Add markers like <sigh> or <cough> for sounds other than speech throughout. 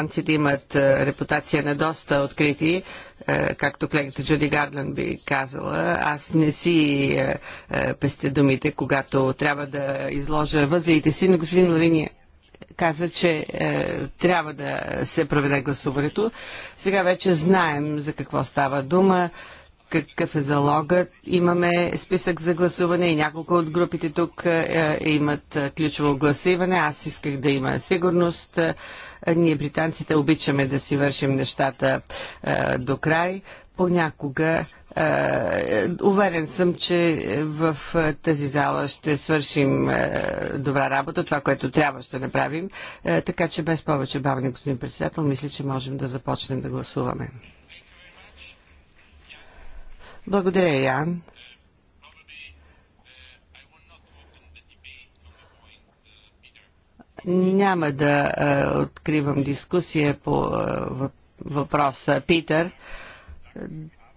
Американците имат е, репутация на доста открити, е, както колегата Джуди Гардлен би казала. Аз не си е, пестя думите, когато трябва да изложа възлите си, но господин Лавиния каза, че е, трябва да се проведе гласуването. Сега вече знаем за какво става дума какъв е залогът. Имаме списък за гласуване и няколко от групите тук е, е имат е, ключово гласиване. Аз исках да има сигурност. Е, ние, британците, обичаме да си вършим нещата е, до край. Понякога Уверен съм, че в тази зала ще свършим добра работа, това, което трябва ще направим. Така че без повече бавни, господин председател, мисля, че можем да започнем да гласуваме. Благодаря, Ян. Няма да а, е, откривам дискусия по а, е, въпроса Питър.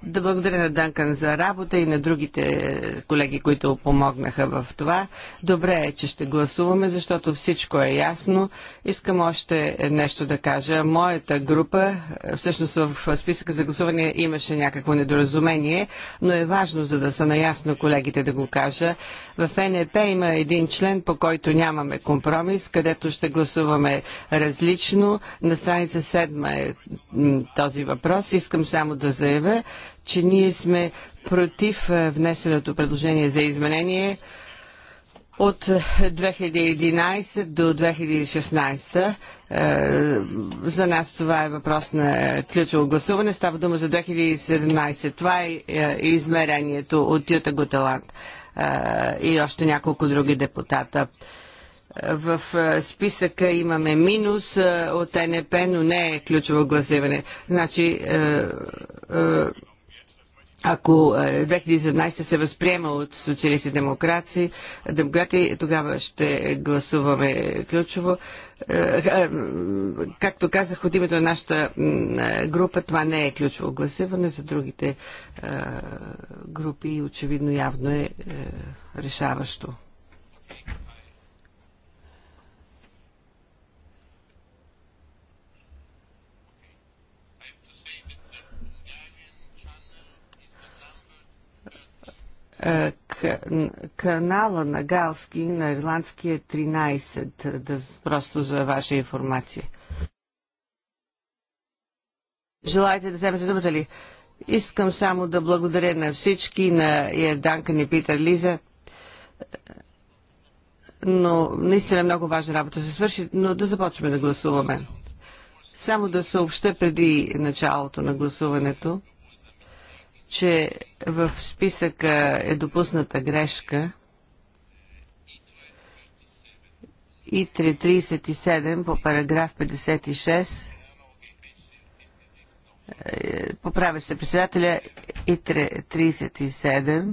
Да благодаря на Данкан за работа и на другите колеги, които помогнаха в това. Добре е, че ще гласуваме, защото всичко е ясно. Искам още нещо да кажа. Моята група, всъщност в списъка за гласуване имаше някакво недоразумение, но е важно, за да са наясно колегите да го кажа. В НЕП има един член, по който нямаме компромис, където ще гласуваме различно. На страница 7 е този въпрос. Искам само да заявя, че ние сме против е, внесеното предложение за изменение от 2011 до 2016. Е, за нас това е въпрос на ключово гласуване. Става дума за 2017. Това е, е измерението от Юта Готеланд и още няколко други депутата. В списъка имаме минус от НП, но не е ключово гласуване. Значи ако 2017 е, се възприема от социалисти демократи, демократи, тогава ще гласуваме ключово. Е, е, както казах от името на нашата група, това не е ключово гласуване. За другите групи очевидно явно е решаващо. канала на Галски на ирландския 13, да, просто за ваша информация. Желаете да вземете думата ли? Искам само да благодаря на всички, на Данка и Питър Лиза. Но наистина много важна работа се свърши, но да започваме да гласуваме. Само да съобща преди началото на гласуването че в списъка е допусната грешка и 337 по параграф 56 е, поправя се председателя и 37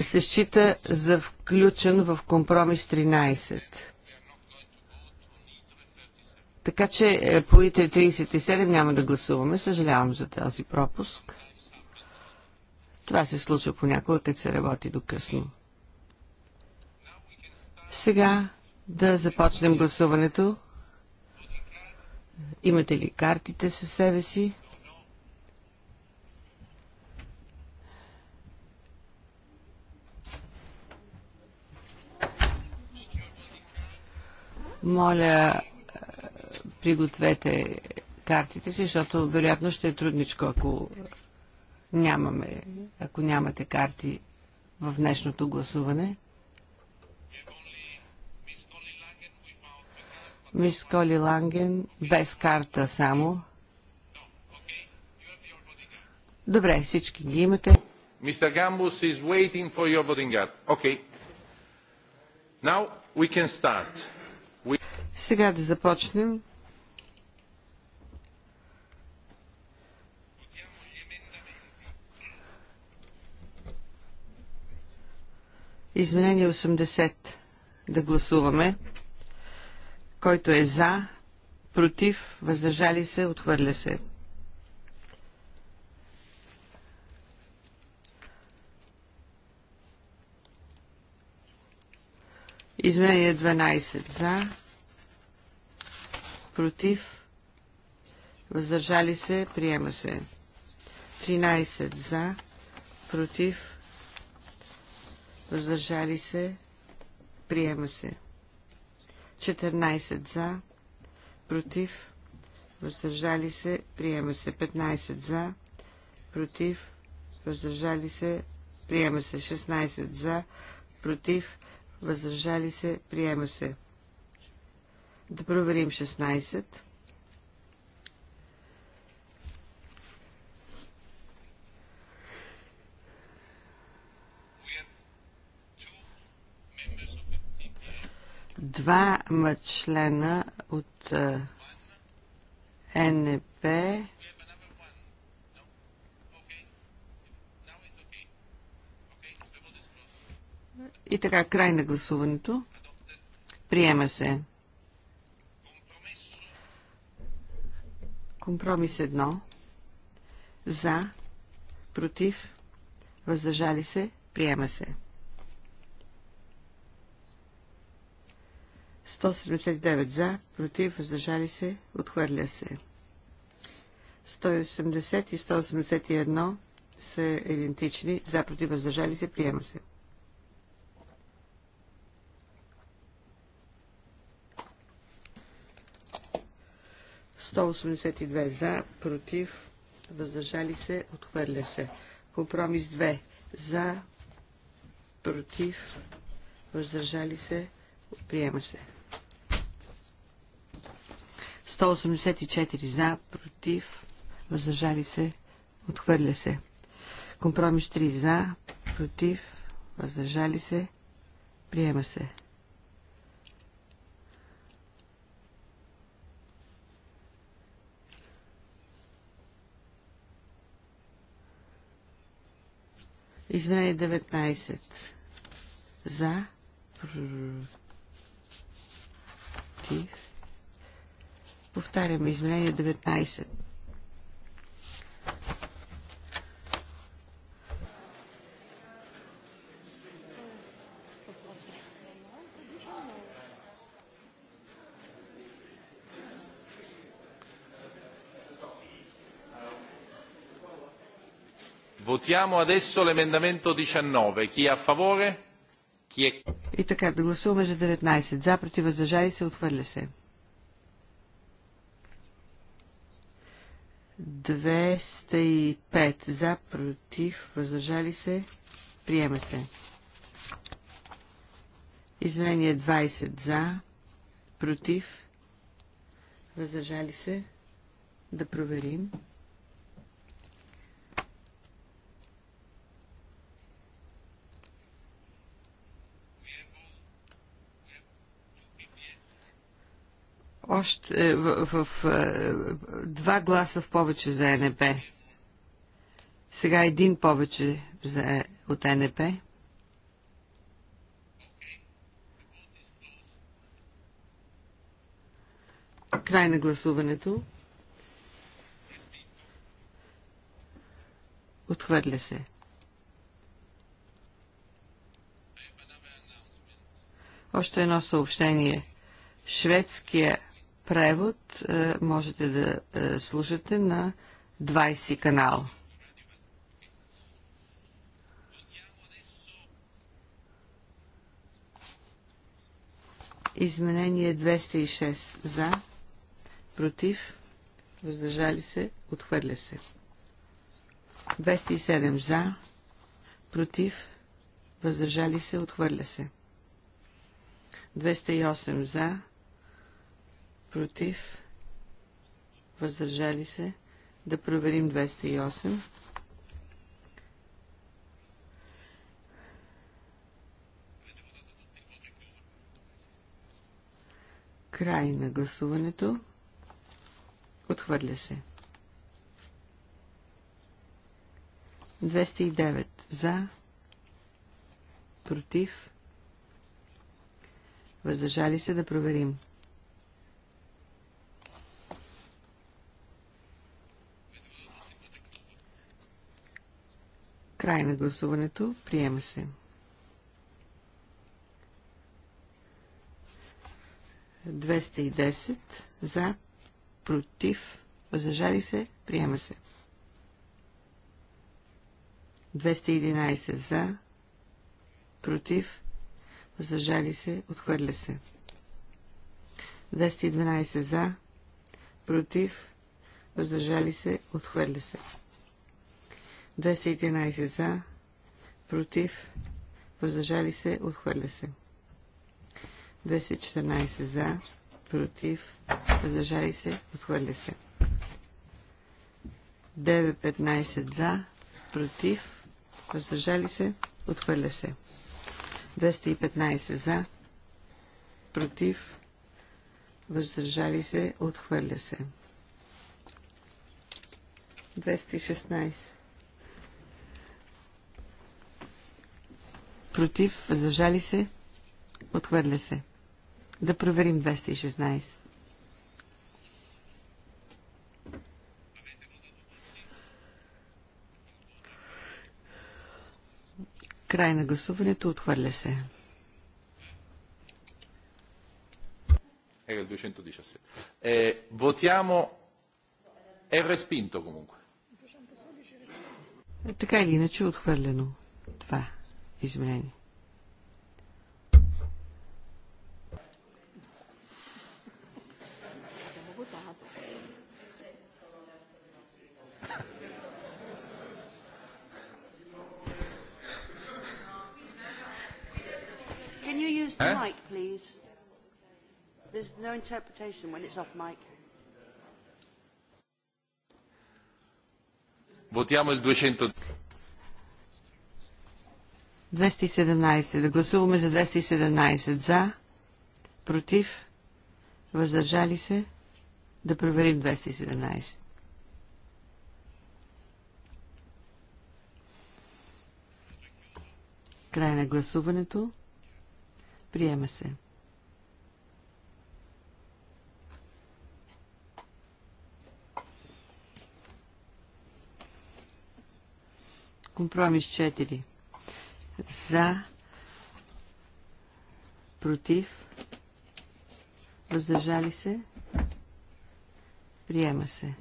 се счита за включен в компромис 13. Така че е, по ИТР 37 няма да гласуваме. Съжалявам за тази пропуск. Това се случва понякога, като се работи до късно. Сега да започнем гласуването. Имате ли картите със себе си? Моля, пригответе картите си, защото вероятно ще е трудничко, ако нямаме, ако нямате карти в днешното гласуване. Мис Коли Ланген, без карта само. Добре, всички ги имате. Мистер Гамбус is waiting for your voting card. Okay. Now we can start. We... Сега да започнем. Изменение 80 да гласуваме. Който е за, против, въздържали се, отхвърля се. Изменение 12 за, против, въздържали се, приема се. 13 за, против, въздържали се, приема се. 14 за, против, въздържали се, приема се. 15 за, против, въздържали се, приема се. 16 за, против, въздържали се, приема се. Да проверим 16. Двама члена от е, НП И така, край на гласуването. Приема се. Компромис едно. За. Против. Въздържали се. Приема се. 179 за, против, въздържали се, отхвърля се. 180 и 181 са идентични, за, против, въздържали се, приема се. за, против, въздържали се, отхвърля се. Компромис 2. За, против, въздържали се, приема се. 184 за, против, въздържали се, отхвърля се. Компромис 3 за, против, въздържали се, приема се. Извинение 19. За, против, Повтаряме изменение 19. Votiamo adesso l'emendamento 19. Chi è a favore? Chi è... И така, да гласуваме за 19. За, против, въздържали се, отхвърля се. 205 за, против, въздържали се, приема се. Изменение 20 за, против, въздържали се, да проверим. още в, в, в е, два гласа в повече за НП. Сега един повече за, е, от НП. Край на гласуването. Отхвърля се. Още едно съобщение. Шведския превод е, можете да е, слушате на 20 канал. Изменение 206 за, против, въздържали се, отхвърля се. 207 за, против, въздържали се, отхвърля се. 208 за, против, въздържали се, да проверим 208. Край на гласуването. Отхвърля се. 209 за, против, въздържали се да проверим. Край на гласуването. Приема се. Двеста и десет. За. Против. Въздържали се. Приема се. 211 за. Против. Въздържали се. Отхвърля се. 212 за. Против. Въздържали се. Отхвърля се. 211 за, против, въздържали се, отхвърля се. 214 за, против, въздържали се, отхвърля се. 915 за, против, въздържали се, отхвърля се. 215 за, против, въздържали се, отхвърля се. 216 против, въздържали се, отхвърля се. Да проверим 216. Край на гласуването отхвърля се. Ега il 217. Eh, votiamo. È respinto comunque. Така или иначе отхвърлено. Това извинение. Can you use the mic, please? There's no interpretation when it's off mic. Votiamo il 200. 217. Да гласуваме за 217. За. Против. Въздържали се. Да проверим 217. Край на гласуването. Приема се. Компромис 4 за, против, въздържали се, приема се.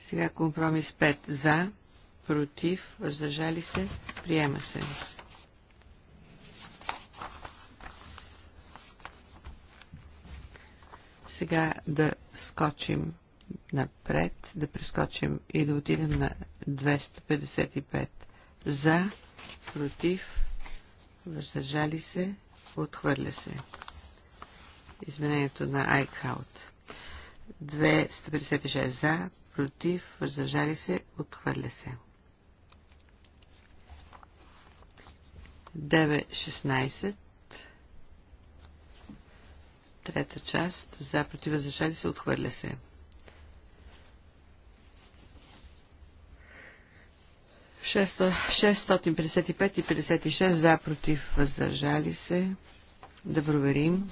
Сега компромис 5 за, против, въздържали се, приема се. Сега да скочим напред, да прескочим и да отидем на 255 за, против, въздържали се, отхвърля се. Изменението на Айкхаут. 256 за, против, въздържали се, отхвърля се. 9.16 Трета част. За, против, въздържали се, отхвърля се. 655 и 56 за, против, въздържали се. Да проверим.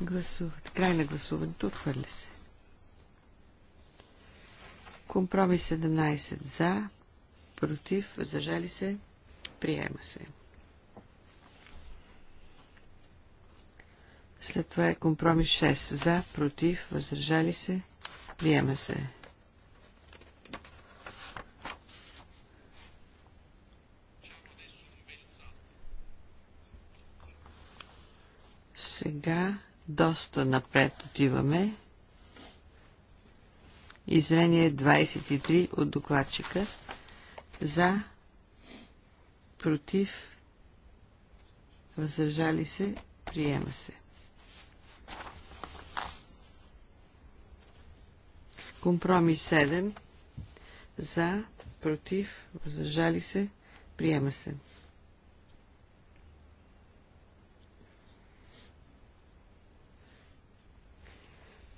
Гласуват. Край на гласуването. Отхвърли се. Компромис 17 за, против, въздържали се. Приема се. След това е компромис 6. За, против, въздържали се, приема се. Сега доста напред отиваме. Извинение 23 от докладчика. За, против, въздържали се, приема се. Компромис 7 за, против, въздържали се, приема се.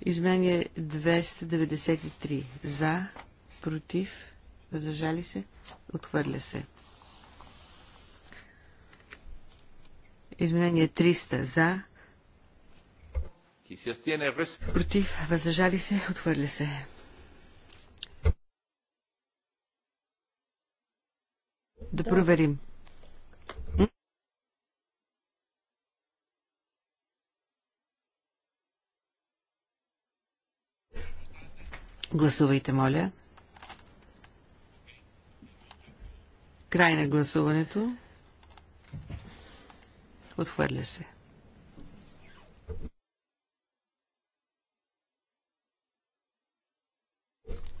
Изменя 293 за, против, въздържали се, отхвърля се. Изменение 300 за, против, въздържали се, отхвърля се. Да, проверим. Гласувайте, моля. Край на гласуването. Отхвърля се.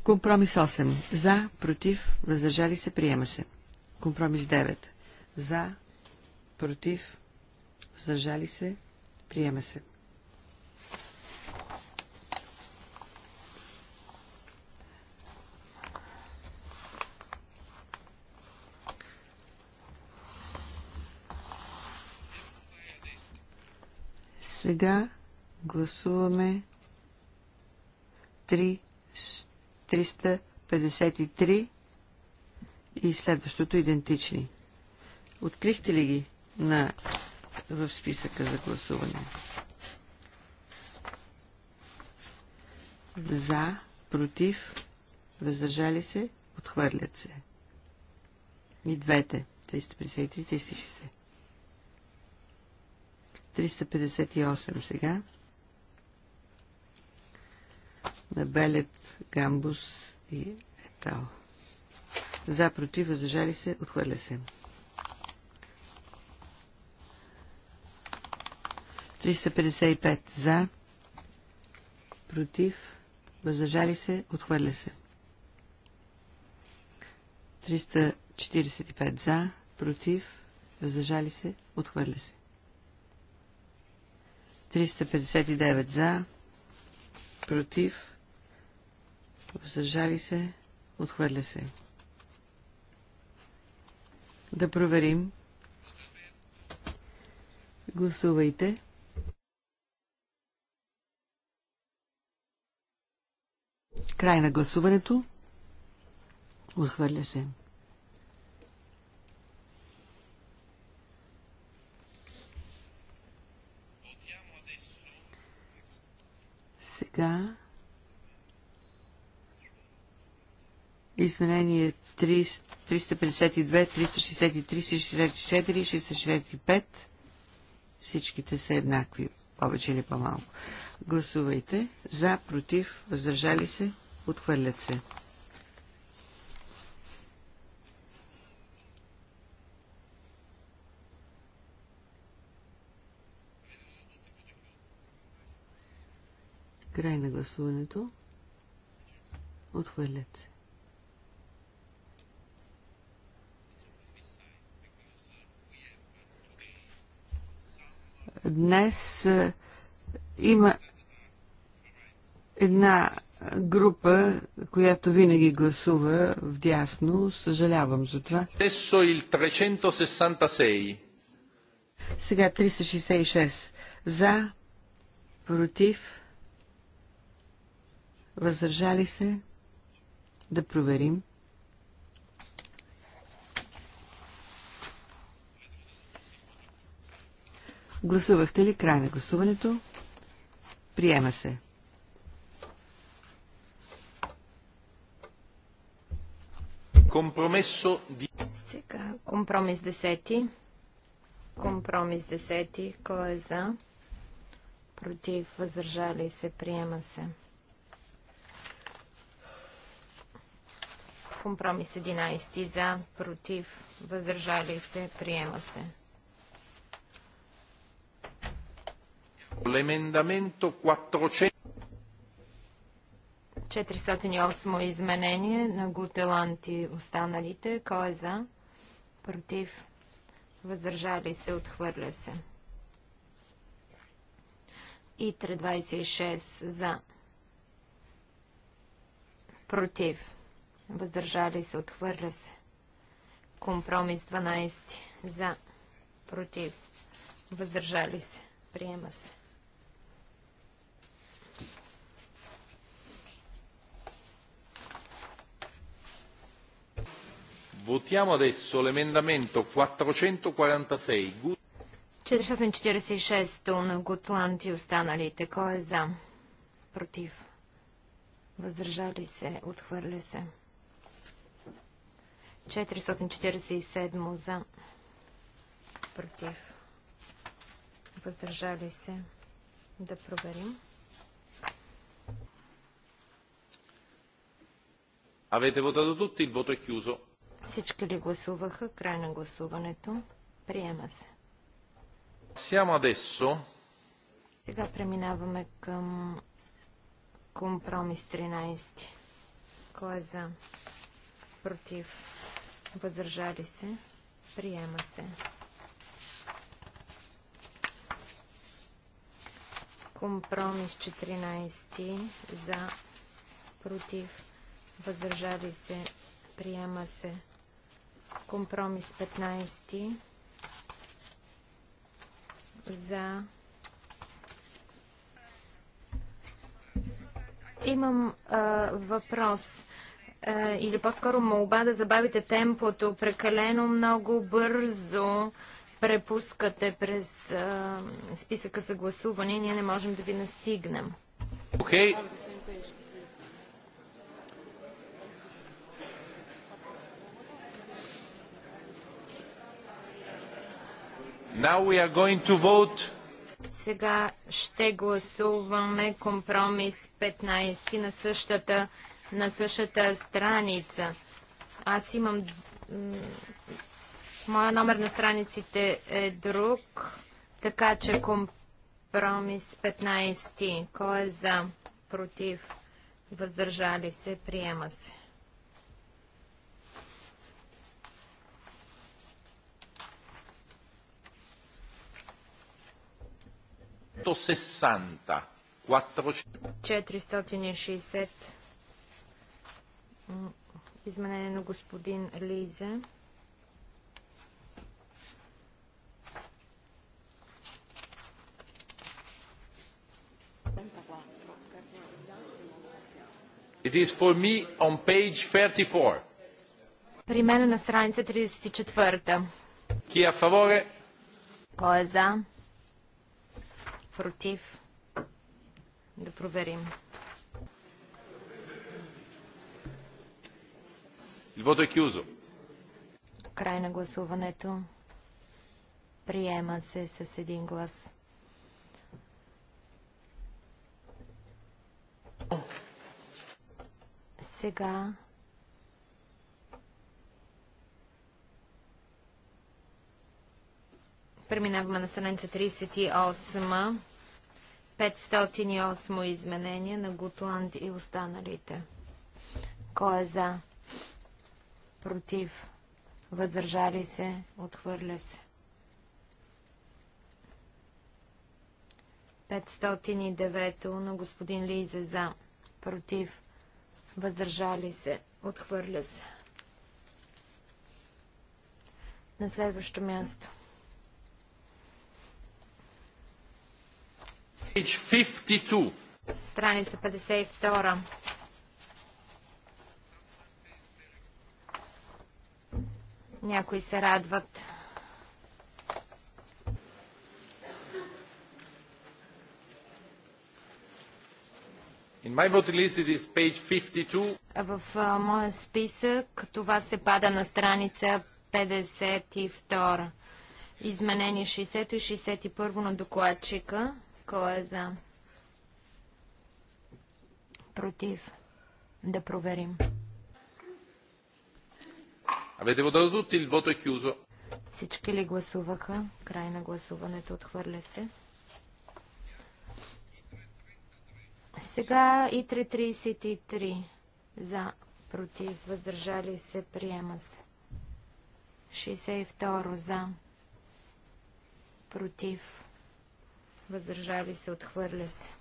Компромис 8. За, против, въздържали се, приема се. Компромис 9. За, против, въздържали се, Приеме се. Сега гласуваме 3, 353 и следващото идентични. Открихте ли ги на, в списъка за гласуване? За, против, въздържали се, отхвърлят се. И двете. 353-360. 358 сега. На Белет, Гамбус и Етал. 358. За, против, въздържали се, отхвърля се. 355 за, против, въздържали се, отхвърля се. 345 за, против, въздържали се, отхвърля се. 359 за, против, въздържали се, отхвърля се. Да проверим. Гласувайте. Край на гласуването. Отхвърля се. Сега изменение 352, 363, 364, 665. Всичките са еднакви, повече или по-малко. Гласувайте за, против, въздържали се, отхвърлят се. Край на гласуването. Отхвърлят се. Днес е, има една група, която винаги гласува в дясно. Съжалявам за това. Сега 366. За, против, въздържали се. Да проверим. 366. Гласувахте ли край на гласуването? Приема се. Компромесо... Сега, компромис 10. Компромис 10. Кой е за? Против, въздържали се, приема се. Компромис 11. За, против, въздържали се, приема се. L'emendamento 400... 408 изменение на Гутелант и останалите. Кой е за? Против? Въздържали се? Отхвърля се. И 326 за. Против? Въздържали се? Отхвърля се. Компромис 12 за. Против? Въздържали се? Приема се. Votiamo adesso l'emendamento 446. 446 на Gutland и останалите. Кой е за? Против. Въздържали се. Отхвърля се. 447 за. Против. Въздържали се. Да проверим. Avete votato tutti, il voto è chiuso. Всички ли гласуваха? Край на гласуването. Приема се. adesso. Сега преминаваме към компромис 13. Кой е за? Против? Въздържали се? Приема се. Компромис 14. За? Против? Въздържали се? Приема се. Компромис 15 за. Имам а, въпрос а, или по-скоро молба да забавите темпото. Прекалено много бързо препускате през а, списъка за гласуване. Ние не можем да ви настигнем. Okay. Сега ще гласуваме компромис 15 на същата, на същата страница. Аз имам... Моя номер на страниците е друг, така че компромис 15. Кой е за? Против? Въздържали се? Приема се. 460. 460. Изменение на господин Лизе. It is for me on page 34. При мен на страница 34. Кой е за? против. Да проверим. Il е кюзо. Край на гласуването. Приема се с един глас. Сега Преминаваме на страница 38, 508 изменение на Гутланд и останалите. Кой е за? Против? Въздържали се? Отхвърля се. 509 на господин Лизе за. Против? Въздържали се? Отхвърля се. На следващо място. 509. 52. Страница 52. Някои се радват. In my voting list it is page 52. В uh, моя списък това се пада на страница 52. Изменение 60 и 61 на докладчика. Кой е за? Против. Да проверим. Абете votato tutti, или voto е кюзо? Всички ли гласуваха? Край на гласуването отхвърля се. Сега и 3.33 за, против, въздържали се, приема се. 62 за, против, въздържали се, отхвърля се.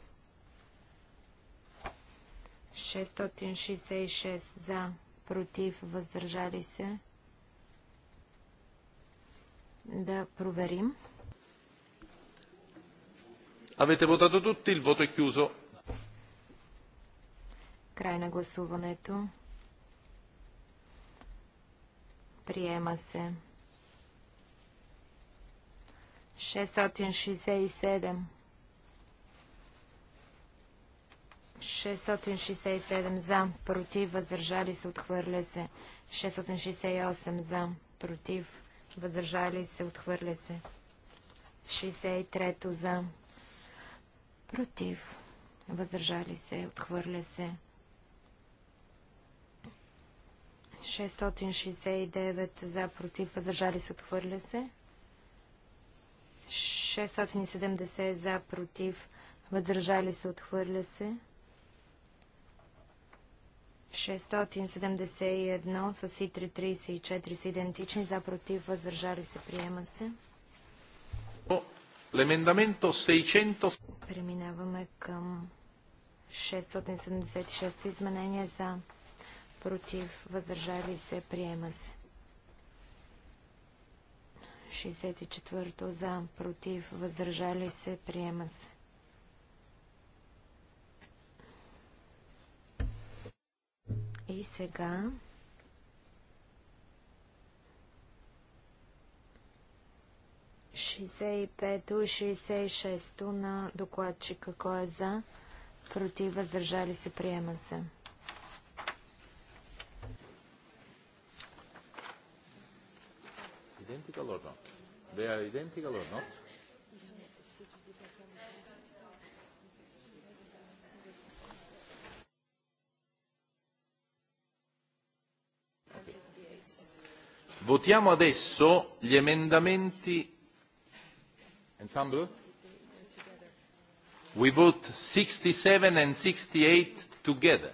666 за, против, въздържали се. Да проверим. Avete votato tutti, il voto è chiuso. Край на гласуването. Приема се. 667. 667 за, против, въздържали се, отхвърля се. 668 за, против, въздържали се, отхвърля се. 63 за, против, въздържали се, отхвърля се. 669 за, против, въздържали се, отхвърля се. 670 за, против, въздържали се, отхвърля се. 671 с И334 са идентични, за, против, въздържали се, приема се. L'emendamento 600... Преминаваме към 676 изменение за, против, въздържали се, приема се. 64-то за, против, въздържали се, приема се. И сега Шестдесет и пето, шестдесет и шесто на докладчика, кой е за, против, въздържали се, приема се. identical or not? They are identical or not? Okay. Votiamo adesso gli emendamenti. Ensemble? We vote 67 and 68 together.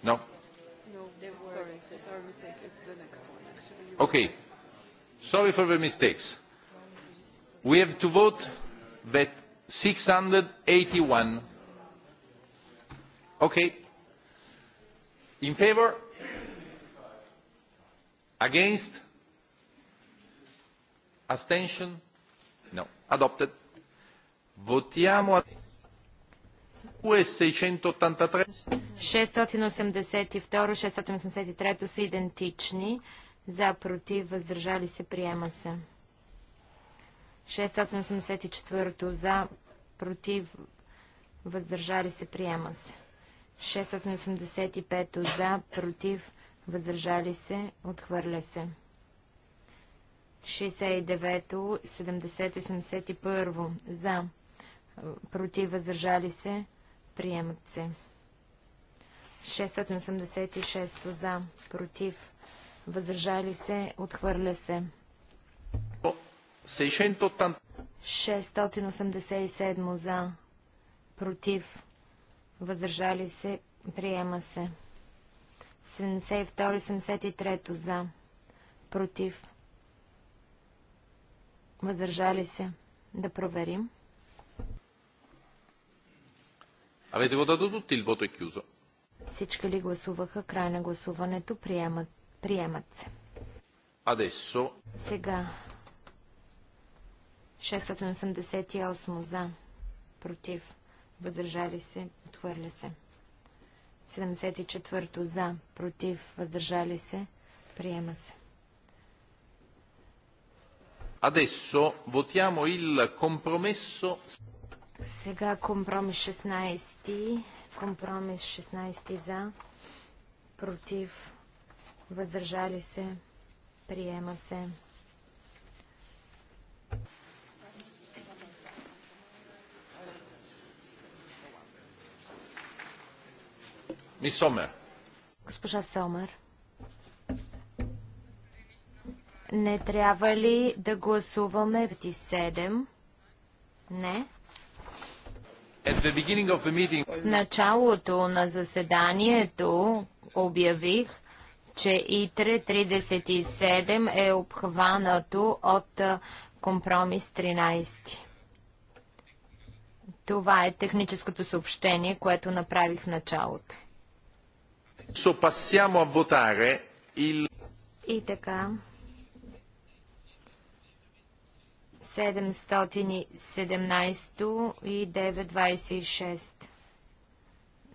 No? No, sorry, it's our mistake. It's the next one. Okay sorry for the mistakes. We have to vote the six hundred and eighty one. Okay. In favor? Against? abstention No. Adopted. Votiamo a 683. са идентични за, против, въздържали се, приема се. 684 за, против, въздържали се, приема се. 685 за, против, въздържали се, отхвърля се. 69-то, 70-71 за, против, въздържали се, приемат се. 686 за, против, въздържали се, отхвърля се. 687 за, против, въздържали се, приема се. 72-73 за, против, въздържали се, да проверим. Avete votato tutti, il voto è chiuso. Всички ли гласуваха край на гласуването? Приемат Приемат се. Адесо. Сега. 688 за. Против. Въздържали се. Отхвърля се. 74 за. Против. Въздържали се. Приема се. Адесо вотямо il компромесо. Сега компромис 16. Компромис 16 за. Против въздържали се, приема се. Госпожа Сомер. Не трябва ли да гласуваме в 7? Не. В началото на заседанието обявих, че ИТРЕ 37 е обхванато от компромис 13. Това е техническото съобщение, което направих в началото. И така. 717 и 926.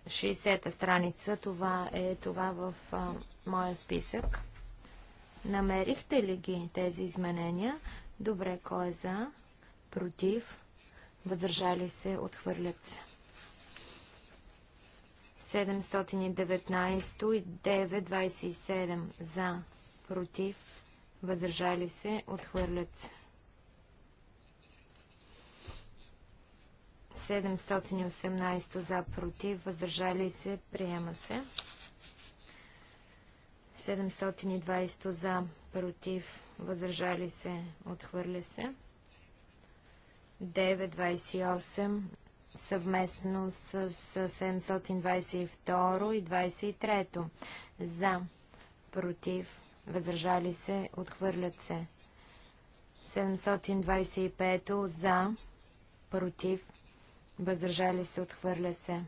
60-та страница, това е това в моя списък. Намерихте ли ги тези изменения? Добре, кой е за? Против? Въздържали се? Отхвърлят се. 719 и 927 за, против, въздържали се, отхвърлят се. 718 за, против, въздържали се, приема се. 720 за, против, въздържали се, отхвърля се. 928 съвместно с 722 и 23 за, против, въздържали се, отхвърлят се. 725 за, против, въздържали се, отхвърля се.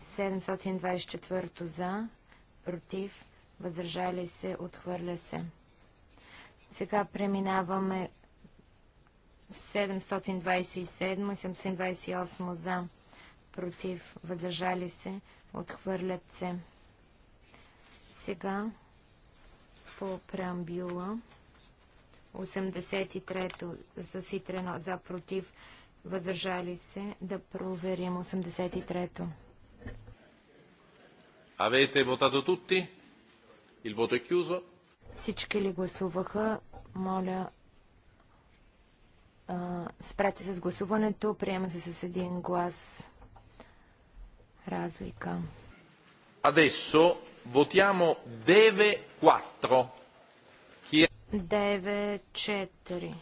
724 за, против, въздържали се, отхвърля се. Сега преминаваме 727 728 за, против, въздържали се, отхвърлят се. Сега по преамбюла 83-то за ситрено за против, въздържали се, да проверим 83-то. Avete votato tutti? Il voto è chiuso. Всички ли гласуваха? Моля, спрете с гласуването. Приема се с един глас разлика. Adesso votiamo Deve 4. Chi è... Deve 4.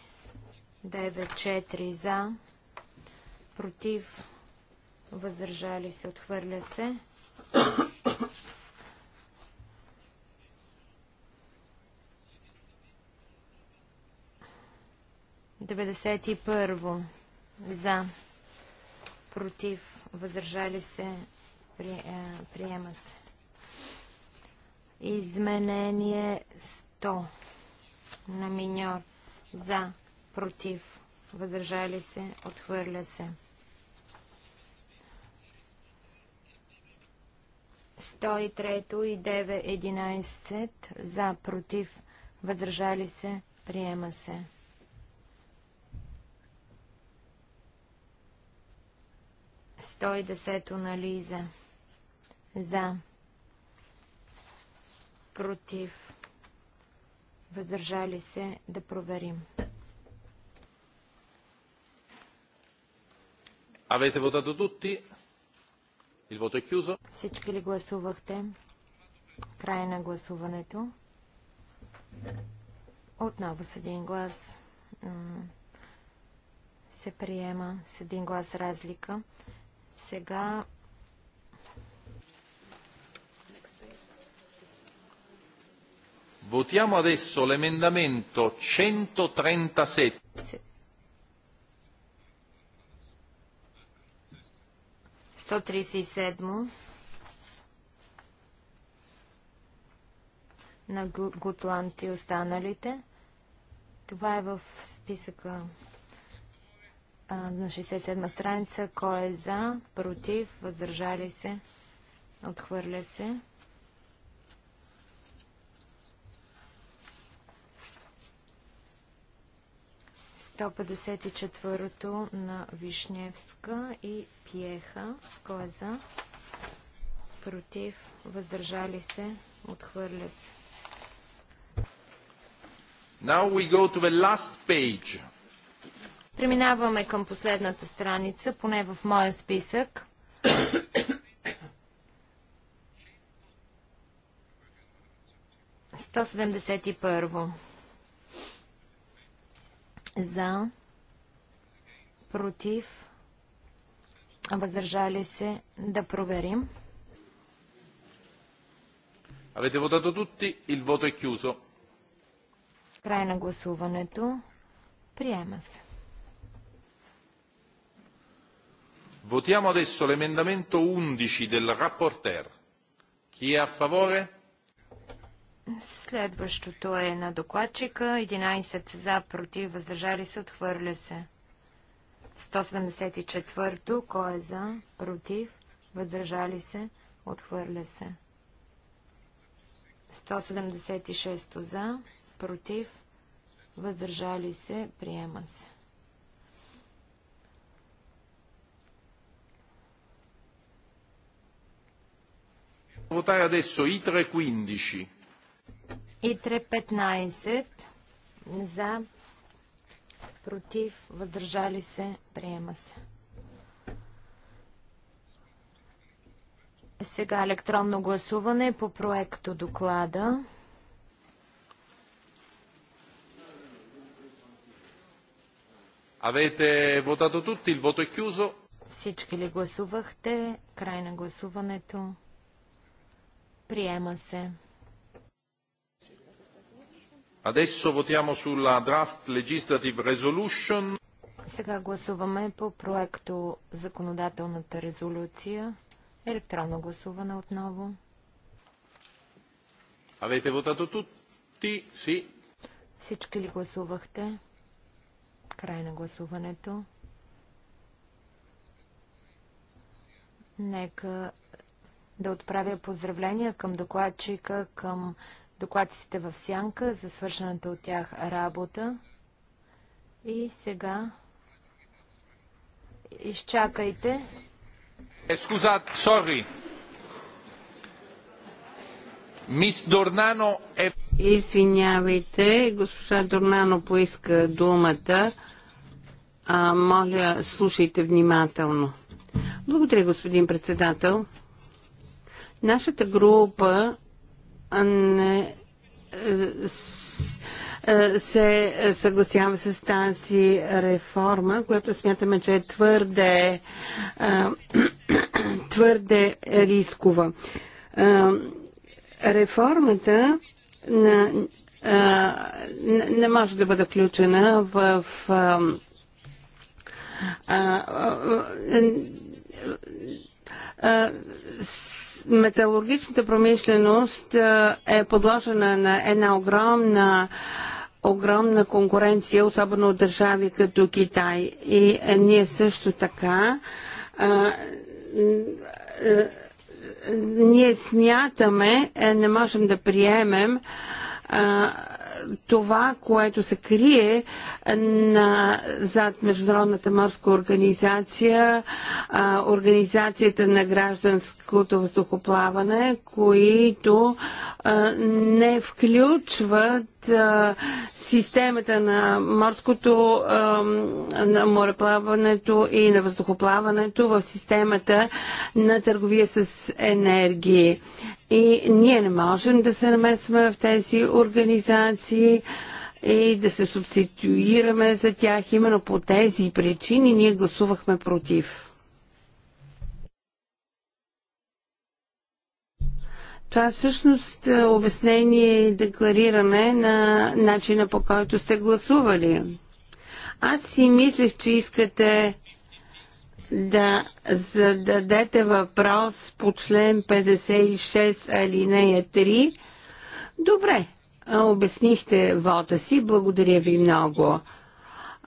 Дебе 4 за, против, въздържали се, отхвърля се. 91 за, против, въздържали се, при, е, приема се. Изменение 100 на миньор за, против, въздържали се, отхвърля се. 103 и 9, 11 за, против, въздържали се, приема се. 110 на Лиза. За. Против. Въздържали се да проверим. Авете вода до тути. voto е chiuso. Всички ли гласувахте? Край на гласуването. Отново с един глас се приема с един глас разлика. Сега Votiamo adesso l'emendamento 137. Sì. 137 на Гутланд и останалите. Това е в списъка на 67 страница. Кой е за, против, въздържали се, отхвърля се. Сто то на Вишневска и Пиеха. Кой е за? Против, въздържали се, отхвърля се. Now we go to the last page. Преминаваме към последната страница, поне в моя списък. Сто За. Против. Въздържали се да проверим. Avete votato tutti, il voto è chiuso. Край на гласуването. Приема се. Votiamo adesso l'emendamento 11 del rapporteur. Chi е a favore? Следващото е на докладчика. 11 за, против, въздържали се, отхвърля се. 174-то, кой е за, против, въздържали се, отхвърля се. 176-то за, против, въздържали се, приема се. Votare adesso ITRE 15. ИТРЕ 15 за, против, въздържали се, приема се. Сега електронно гласуване по проекто доклада. Avete votato tutti, il voto è chiuso. Всички ли гласувахте? Край на гласуването. Приема се. Adesso votiamo sulla draft legislative resolution. Сега гласуваме по проекто законодателната резолюция. Електронно гласуване отново. Avete votato tutti? Sì. Всички ли гласувахте? Край на гласуването. Нека да отправя поздравления към докладчика, към докладците в Сянка за свършената от тях работа. И сега изчакайте. Ескузат, сори. Мис Дорнано е... Извинявайте, госпожа Дорнано поиска думата. А, моля, слушайте внимателно. Благодаря, господин председател. Нашата група не е, е, се съгласява с тази реформа, която смятаме, че е твърде, е, <clears throat> твърде рискова. Реформата на, не може да бъде включена в а, а, а, металургичната промишленост е подложена на една огромна огромна конкуренция, особено от държави като Китай. И е, ние също така а, а, ние смятаме, е, не можем да приемем а, това, което се крие на, зад Международната морска организация, а, Организацията на гражданското въздухоплаване, които а, не включват от а, системата на морското, а, на мореплаването и на въздухоплаването в системата на търговия с енергии. И ние не можем да се намесваме в тези организации и да се субституираме за тях. Именно по тези причини ние гласувахме против. Това всъщност е, обяснение и деклариране на начина по който сте гласували. Аз си мислех, че искате да зададете въпрос по член 56 алинея 3. Добре, обяснихте вода си. Благодаря ви много.